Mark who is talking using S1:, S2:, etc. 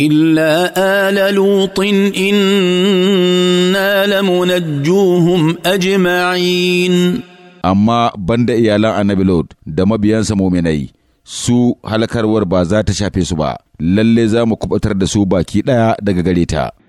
S1: الا ال لوط انا
S2: لمنجوهم اجمعين amma banda iyalan annabi lot da mabiyansa muminai su halakarwar ba za ta shafe su ba lalle za mu kubutar da su baki ɗaya daga gare ta